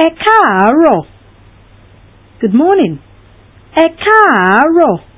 ẹ good morning ẹ